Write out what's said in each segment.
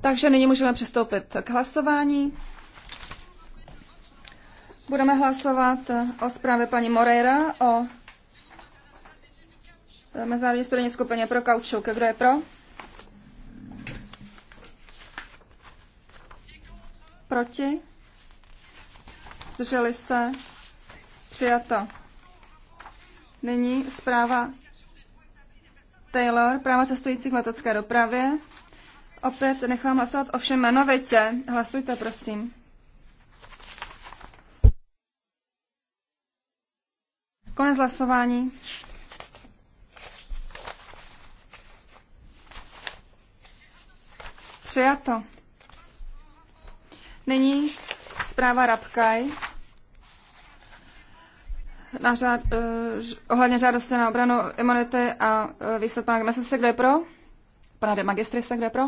Takže nyní můžeme přistoupit k hlasování. Budeme hlasovat o zprávě paní Moreira o eh, Mezinárodní studijní skupině pro kaučuk. Kdo je pro? Proti? Zdrželi se? Přijato. Nyní zpráva Taylor, práva cestujících v letecké dopravě. Opět nechám hlasovat o všem jmenovitě. Hlasujte, prosím. Konec hlasování. Přijato. Nyní zpráva Rabkaj na řád, uh, ohledně žádosti na obranu imunity a uh, výsled pana Gmesese, kdo je pro? Pana de Magistrise, kdo je pro?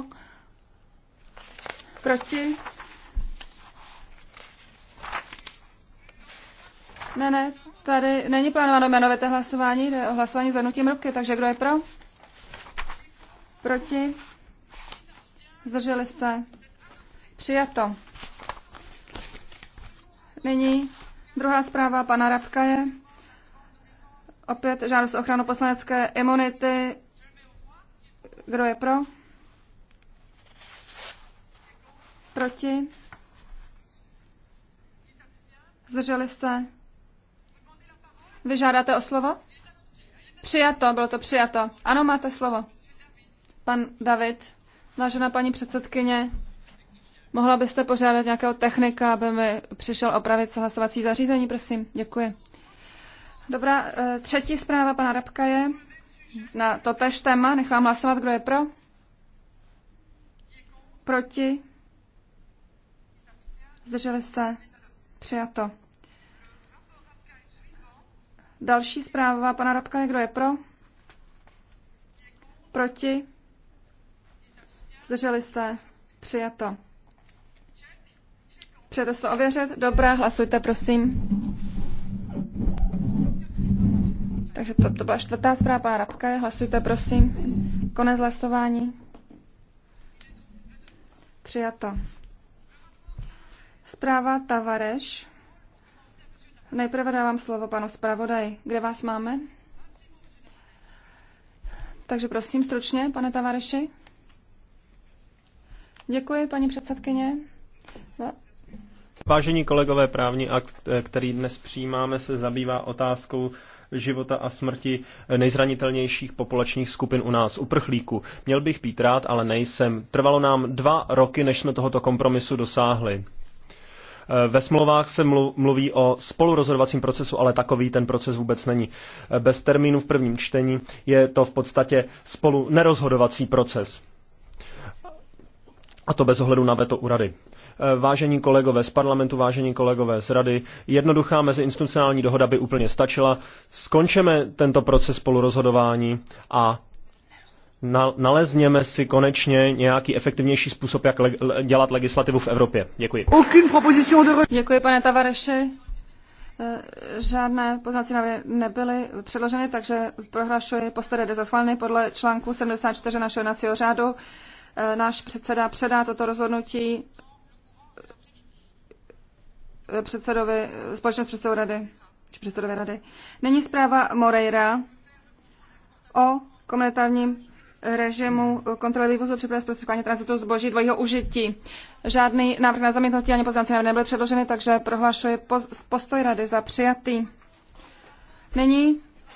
Proti? Ne, ne, tady není plánováno jmenovité hlasování, jde o hlasování zvednutím ruky, takže kdo je pro? Proti? Zdrželi se? Přijato. Nyní Druhá zpráva pana Rabka je opět žádost o ochranu poslanecké imunity. Kdo je pro? Proti? Zdrželi se? Vyžádáte o slovo? Přijato, bylo to přijato. Ano, máte slovo. Pan David, vážená paní předsedkyně, Mohla byste pořádat nějakého technika, aby mi přišel opravit hlasovací zařízení, prosím? Děkuji. Dobrá, eh, třetí zpráva pana Rabka je na tež téma. Nechám hlasovat, kdo je pro. Proti. Zdrželi se. Přijato. Další zpráva pana Rabka je, kdo je pro. Proti. Zdrželi se. Přijato. Chcete to ověřit? Dobrá, hlasujte, prosím. Takže to, to byla čtvrtá zpráva pana Rabka. Hlasujte, prosím. Konec hlasování. Přijato. Zpráva Tavareš. Nejprve dávám slovo panu zpravodaj. Kde vás máme? Takže prosím stručně, pane Tavareši. Děkuji, paní předsedkyně. Vážení kolegové, právní akt, eh, který dnes přijímáme, se zabývá otázkou života a smrti nejzranitelnějších populačních skupin u nás, uprchlíků. Měl bych být rád, ale nejsem. Trvalo nám dva roky, než jsme tohoto kompromisu dosáhli. Eh, ve smlouvách se mluví o spolurozhodovacím procesu, ale takový ten proces vůbec není. Eh, bez termínu v prvním čtení je to v podstatě spolu nerozhodovací proces. A to bez ohledu na veto u rady. Eh, vážení kolegové z parlamentu, vážení kolegové z rady, jednoduchá meziinstitucionální dohoda by úplně stačila. Skončeme tento proces spolurozhodování a nalezněme si konečně nějaký efektivnější způsob, jak le- dělat legislativu v Evropě. Děkuji. Děkuji, pane Tavareši. Eh, žádné poznací návrhy nebyly předloženy, takže prohlašuji postoje za podle článku 74 našeho nacího řádu. Eh, náš předseda předá toto rozhodnutí předsedovi, společně s předsedou rady, či předsedovi rady. Není zpráva Moreira o komunitárním režimu kontroly vývozu připrav zprostředkování transitu zboží dvojího užití. Žádný návrh na zamítnutí ani návrh nebyly předloženy, takže prohlašuji postoj rady za přijatý. Nyní